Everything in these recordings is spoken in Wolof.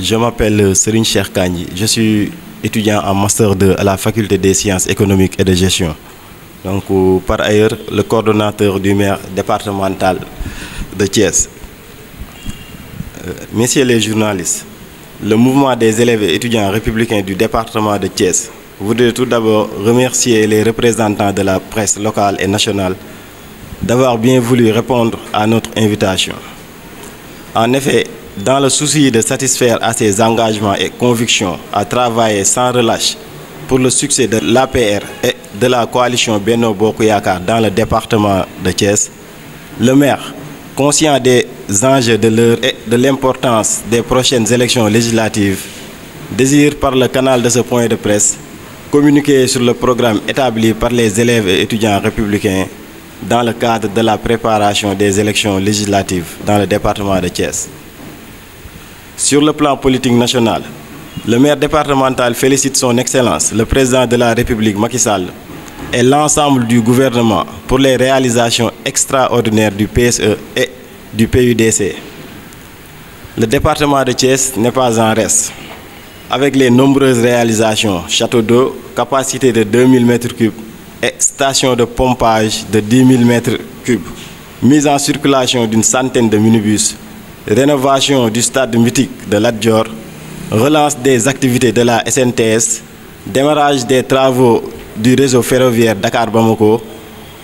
Je m'appelle euh, Serine Cherkani. Je suis étudiant en Master 2 à la Faculté des sciences économiques et de gestion. Donc, euh, par ailleurs, le coordonnateur du maire départemental de Thiès. Euh, messieurs les journalistes, le mouvement des élèves étudiants républicains du département de Thiès voudrait tout d'abord remercier les représentants de la presse locale et nationale d'avoir bien voulu répondre à notre invitation. En effet, dans le souci de satisfaire à ses engagements et convictions, à travailler sans relâche pour le succès de l'APR et de la coalition Beno Bokuyaka dans le département de Thiès, le maire, conscient des enjeux de et de l'importance des prochaines élections législatives, désire par le canal de ce point de presse communiquer sur le programme établi par les élèves et étudiants républicains dans le cadre de la préparation des élections législatives dans le département de Thiès. Sur le plan politique national, le maire départemental félicite son Excellence, le président de la République Macky Sall, et l'ensemble du gouvernement pour les réalisations extraordinaires du PSE et du PUDC. Le département de Thiès n'est pas en reste. Avec les nombreuses réalisations, château d'eau, capacité de 2000 m3 et station de pompage de 10 000 m3, mise en circulation d'une centaine de minibus, rénovation du stade mythique de l'Adjor, relance des activités de la SNTS, démarrage des travaux du réseau ferroviaire dakar bamoko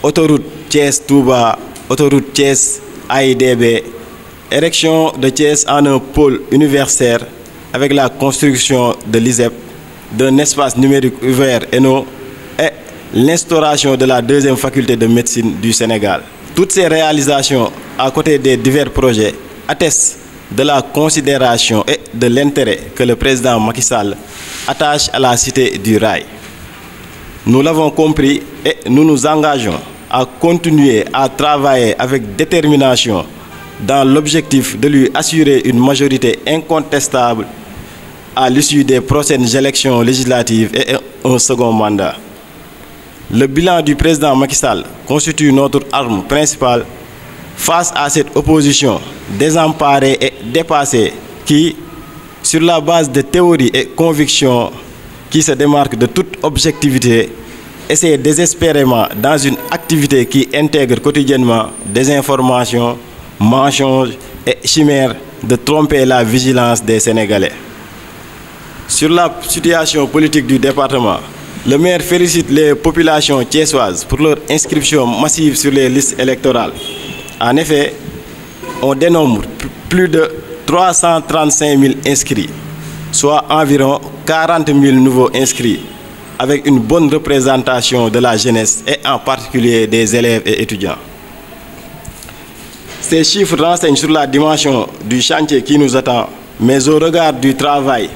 autoroute Thiès-Touba, autoroute Thiès-AIDB, érection de Thiès en un pôle universitaire avec la construction de l'ISEP, d'un espace numérique ouvert et non, et l'instauration de la deuxième faculté de médecine du Sénégal. Toutes ces réalisations, à côté des divers projets, atteste de la considération et de l'intérêt que le président Macky Sall attache à la cité du rail. Nous l'avons compris et nous nous engageons à continuer à travailler avec détermination dans l'objectif de lui assurer une majorité incontestable à l'issue des prochaines élections législatives et un second mandat. Le bilan du président Macky Sall constitue notre arme principale Face à cette opposition désemparée et dépassée qui, sur la base de théories et convictions qui se démarquent de toute objectivité, essaie désespérément dans une activité qui intègre quotidiennement des informations, mensonges et chimères de tromper la vigilance des Sénégalais. Sur la situation politique du département, le maire félicite les populations thiessoises pour leur inscription massive sur les listes électorales. En effet, on dénombre plus de 335 000 inscrits, soit environ 40 000 nouveaux inscrits, avec une bonne représentation de la jeunesse et en particulier des élèves et étudiants. Ces chiffres renseignent sur la dimension du chantier qui nous attend, mais au regard du travail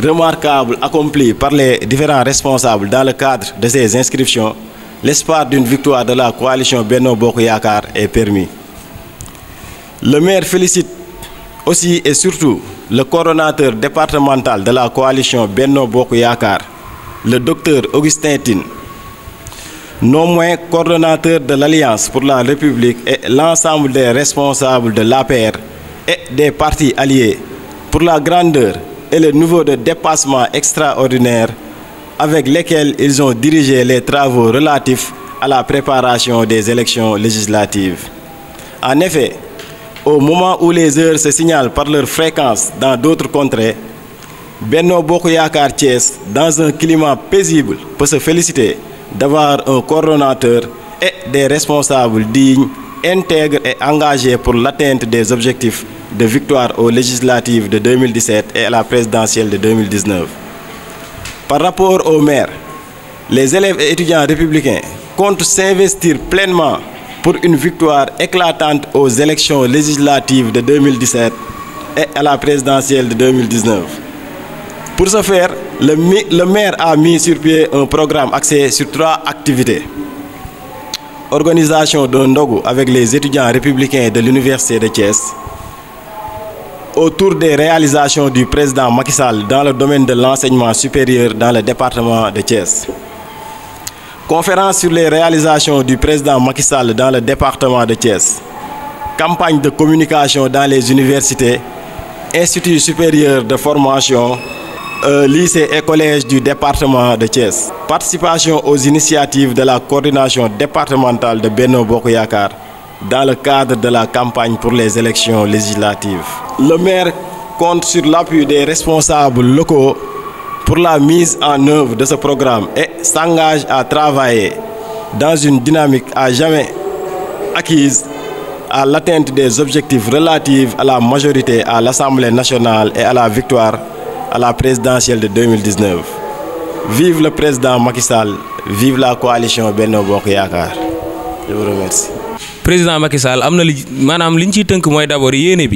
remarquable accompli par les différents responsables dans le cadre de ces inscriptions, l'espoir d'une victoire de la coalition Beno Yakar est permis. Le maire félicite aussi et surtout le coordonnateur départemental de la coalition Benno Bokuyakar, le docteur Augustin Tin, non moins coordonnateur de l'Alliance pour la République et l'ensemble des responsables de l'APR et des partis alliés pour la grandeur et le niveau de dépassement extraordinaire avec lesquels ils ont dirigé les travaux relatifs à la préparation des élections législatives. En effet, au moment où les heures se signalent par leur fréquence dans d'autres contrées, Benno boya Thiès, dans un climat paisible, peut se féliciter d'avoir un coordonnateur et des responsables dignes, intègres et engagés pour l'atteinte des objectifs de victoire aux législatives de 2017 et à la présidentielle de 2019. Par rapport aux maires, les élèves et étudiants républicains comptent s'investir pleinement pour une victoire éclatante aux élections législatives de 2017 et à la présidentielle de 2019. Pour ce faire, le, maire a mis sur pied un programme axé sur trois activités. Organisation d'un ndogu avec les étudiants républicains de l'Université de Thiès. Autour des réalisations du président Macky Sall dans le domaine de l'enseignement supérieur dans le département de Thiès conférence sur les réalisations du président Macky Sall dans le département de Thiès, campagne de communication dans les universités, instituts supérieurs de formation, euh, lycées et collèges du département de Thiès, participation aux initiatives de la coordination départementale de Beno Bokoyakar dans le cadre de la campagne pour les élections législatives. Le maire compte sur l'appui des responsables locaux pour la mise en œuvre de ce programme et s'engage à travailler dans une dynamique à jamais acquise à l'atteinte des objectifs relatifs à la majorité à l'Assemblée nationale et à la victoire à la présidentielle de 2019. Vive le président Macky Sall, vive la coalition Benno Bokk Je vous remercie. Président Macky Sall amna li d'abord bi ni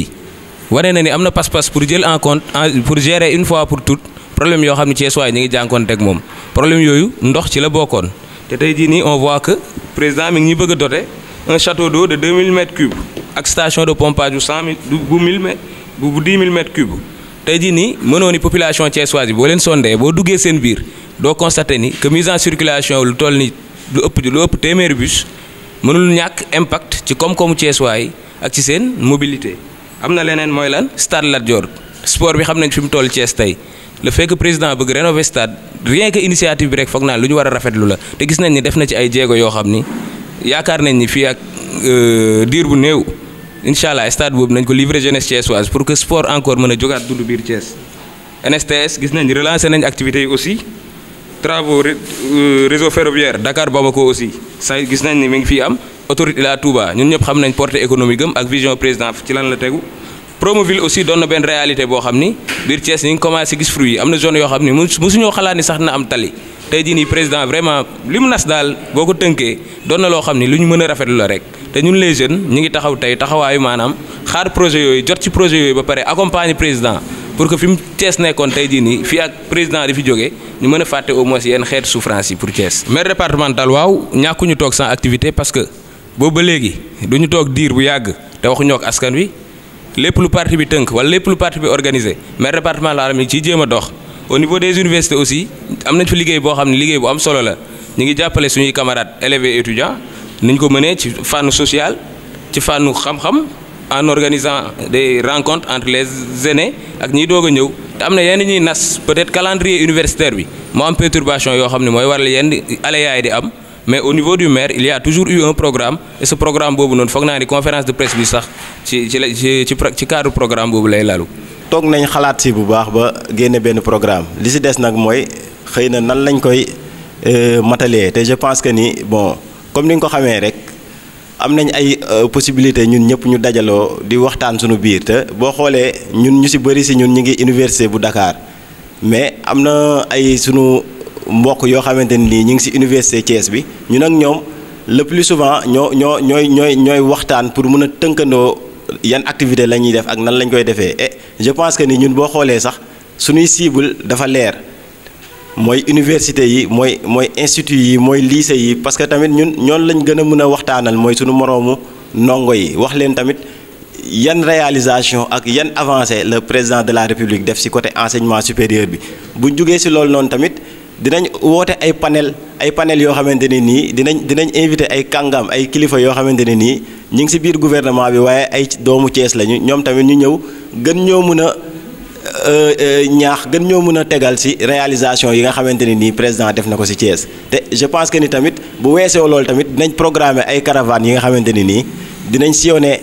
pour pour gérer une fois pour toutes problème yo xamni ne Thiès waay ñu ngi jànkoonteeg moom problème yoyu ndox ci la bokkoon té tay jii nii on voit que président mi ngi bëgg doté un château d'eau de 2000 m3 ak station de pompage bu 100000 bu 1000 m bu 10 000 mètres cubes tey jii nii mënoo ni population thiessoise bi boo leen sondee boo duggee seen biir doo constater ni que mise en circulation lu toll ni lu ëpp lu ëpp témer bus mënul ñak impact ci koom-koomu thiessois ak ci sen mobilité. amna lenen moy mooy lan stade Lat Dior sport bi xamnañ nañ toll Thiès tay le fait que président bëgg rénover stade rien que initiative bi rek foog na luñu wara rafet lu la te gis nañ ni def na ci ay djégo yo xamni yaakar nañ ni fi ak euh dir bu new inshallah stade boobu nañ ko livrer jeunesse thiessoise pour que sport encore mëna jogat dund biir Thiès NSTS gis nañ relancer nañ activité aussi travaux euh, réseau ferroviaire Dakar Bamako aussi ça gis nañ ni mi ngi fi am autorité la Touba ñun ñëpp xam nañ portée économique am ak vision président ci lan la tegu Promoville aussi donne ben réalité bo xamni bir Thiès ni ngi commencé gis fruit yi am zone yo xamni ni xalaani sax na am tali tay di ni président vraiment limu nas dal boko teunké tënkee doon na loo xam ni lu ñu mën rafetlu la rek té ñun les jeunes ñi ngi taxaw tay taxawaayu manam xaar projet yoy jot ci projet yoy ba paré accompagner président pour que fim mu Thiès nekkoon tay di ni fi ak président di fi jógee ñu mën a au moins yeen xeetu souffrance yi pour Thiès. maire départemental waaw ñàkkuñu tok sans activité parce que bo ba légui duñu tok diir bu yagg té waxuñoo ak askan wi. lépp lu parti bi tënk wala lépp lu parti bi organisé maire département la mi ni ciy jéem dox au niveau des universités aussi am nañ fi liggéey boo xam ne liggéey bu am solo la ñu ngi jàppale suñuy camarades élèves et étudiants niñ ko mënee ci fànn social ci fànnu xam-xam en organisant des rencontre entre les aînés ak ñiy doog a ñëw te am na yenn ñuy nas peut-être calendrier universitaire bi moo am perturbation yoo xam ne mooy waral yenn aléas yi di am. mais au niveau du maire il y a toujours eu un programme et ce programme bobu non foog ni conférence de presse bi sax ci ci ci ci cadre programme bobu lay lalu. tok nañ xalaat si bu baax ba génne ben programme li ci dess nak moy xeyna nan lañ koy euh matalé te je pense que ni bon comme ni ko xamé rek am nañ ay euh, possibilité ñun ñëpp ñu dajalo di waxtaan suñu biir te bo xolé ñun ñu ci bëri si ñun ñi ngi université bu Dakar mais amna ay suñu mbokk yo ni université le plus souvent pour activité je pense que ni ñun sax suñuy université institut parce que tamit ñun réalisation ak avancée le président de la république def ci côté enseignement supérieur bi dinañ woote ay panel ay panel yoo xamante ne nii dinañ dinañ invité ay kàngam ay kilifa yoo xamante ne nii ñu ngi si biir gouvernement bi waaye ay doomu Cees lañu ñoom tamit ñu ñëw gën ñoo mën a euh, euh, ñaax gën ñoo mën a tegal si réalisation yi nga xamante ne nii président def na ko si Thiès te je pense que ni tamit bu weesoo lool tamit dinañ programme ay caravanes yi nga xamante ne nii dinañ sillonner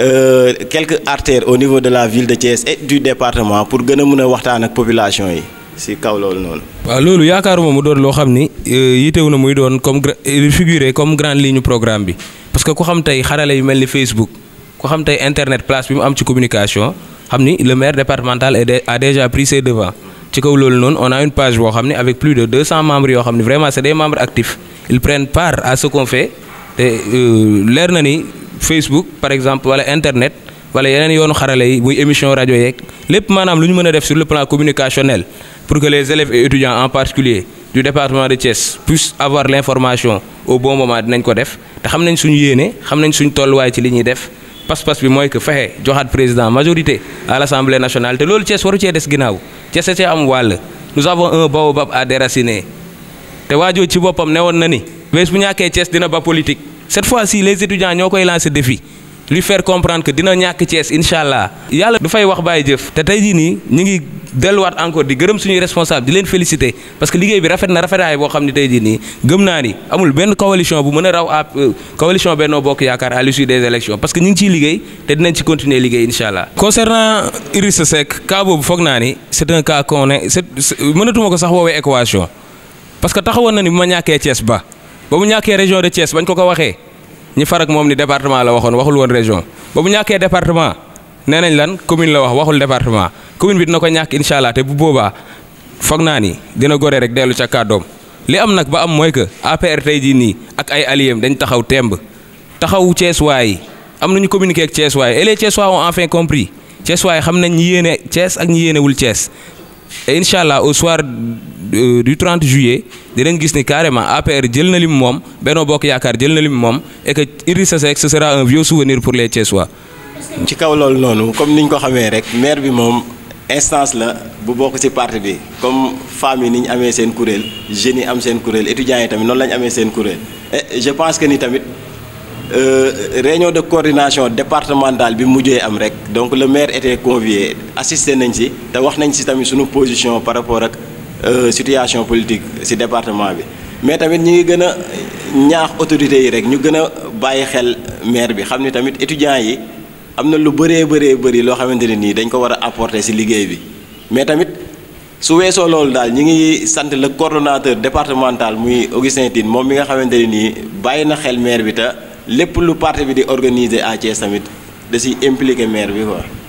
euh, quelques artères au niveau de la ville de Thiès et du département pour gën a mën a waxtaan ak population yi. si kaw non wa lolou loolu yaakaaruma mu doon loo xam ni euh, muy doon comme euh, figuré comme grande ligne programme bi parce que quand xam tay xarale yu melni Facebook nous xam tay internet place bi mu am ci communication xamni le maire départemental a déjà pris ses devants ci kaw lolou non on a une page bo xamni avec plus de 200 membres yo xamni vraiment c'est des membres actifs ils prennent part à ce qu'on fait te euh, leer na ni Facebook par exemple wala internet. Voilà, yeneen yoonu xarale yi muy émission radio. yeeg lépp maanaam lu ñu def sur le plan communicationnel pour que les élèves et étudiants en particulier du département de Thiès puissent avoir l'information au bon moment dinañ ko def te xam nañ suñu yéene xam nañ suñu tolluwaay ci li ñuy def pas-pas bi mooy que fexe joxaat président majorité à l'Assemblée nationale te loolu Thiès waru cee des ginnaaw Thiès a cee am wàll nous avons un baobab à déraciner te waajoo ci boppam newoon na ni bés bu ñàkkee Thiès dina ba politique cette fois-ci les étudiants ñoo koy lancer défi lui faire comprendre que dina ci es inshallah yalla du fay wax baye jëf te tay jii ni ñi ngi delluwaat encore di gërëm suñu responsable di leen féliciter parce que liggéey bi rafet na rafetay bo xamni tay tey ni gëm na ni amul ben coalition bu mëna raw euh, coalition Benno bok yaakar à l'issue des élections parce que ñi ngi ci liggéey te dinañ ci continuer liggéey inshallah concernant iris Seck cas boobu foog na ni c'est un cas qu'on est c'est mënatuma ko sax wowe équation parce que taxawon na ni ma ñàkkee ba ba ñaké région de Thiès bañ ko ko waxé ñi farak moom ni département la waxoon waxul woon région ba bu ñàkkee département nee nañ lan commune la wax waxul département commune bi dina ko ñàkk incha allah te bu boobaa foog naa ni dina gore rek dellu ca kàddoom li am nag ba am mooy que APR tey jii nii ak ay alliés dañ taxaw temb taxaw Thiessois am nañu communiqué ak Thiessois yi et les enfin compris Thiessois xam na ñi yéene Thiès ak ñi yéenewul Thiès et incha allah au soir euh, du 30 juillet dinañ gis ni carrément APR jël na lim moom Benno Bokk Yaakaar jël na lim moom et que Idrissa Seck ce sera un souvenir pour les Thiessois. ci kaw loolu noonu comme niñ ko xamee rek maire bi moom instance la bu bokk ci parti bi comme femmes yi ni amee seen kuréel jeunes yi am seen kuréel étudiants yi tamit noonu la ñu amee seen kuréel je pense que ni tamit. Euh, réunion de coordination départementale bi mujjé am rek donc le maire était convié assisté nañ ci te wax nañ ci tamit suñu position par rapport ak euh, situation politique ci département bi mais tamit ñi ngi gën a ñaax autorité. yi rek ñu gëna bayyi xel maire bi xamni tamit étudiants yi amna lu bëree bëree bëri lo xamanteni ni dañ ko wara apporter ci liggéey bi mais tamit su weesoo lol dal ñi ngi sant le coordonnateur départemental muy Augustin Tine mom mi nga xamanteni ni bayina xel maire bi ta lépp lu parti bi di organiser à Thiès tamit da ciy impliqué maire bi quoi.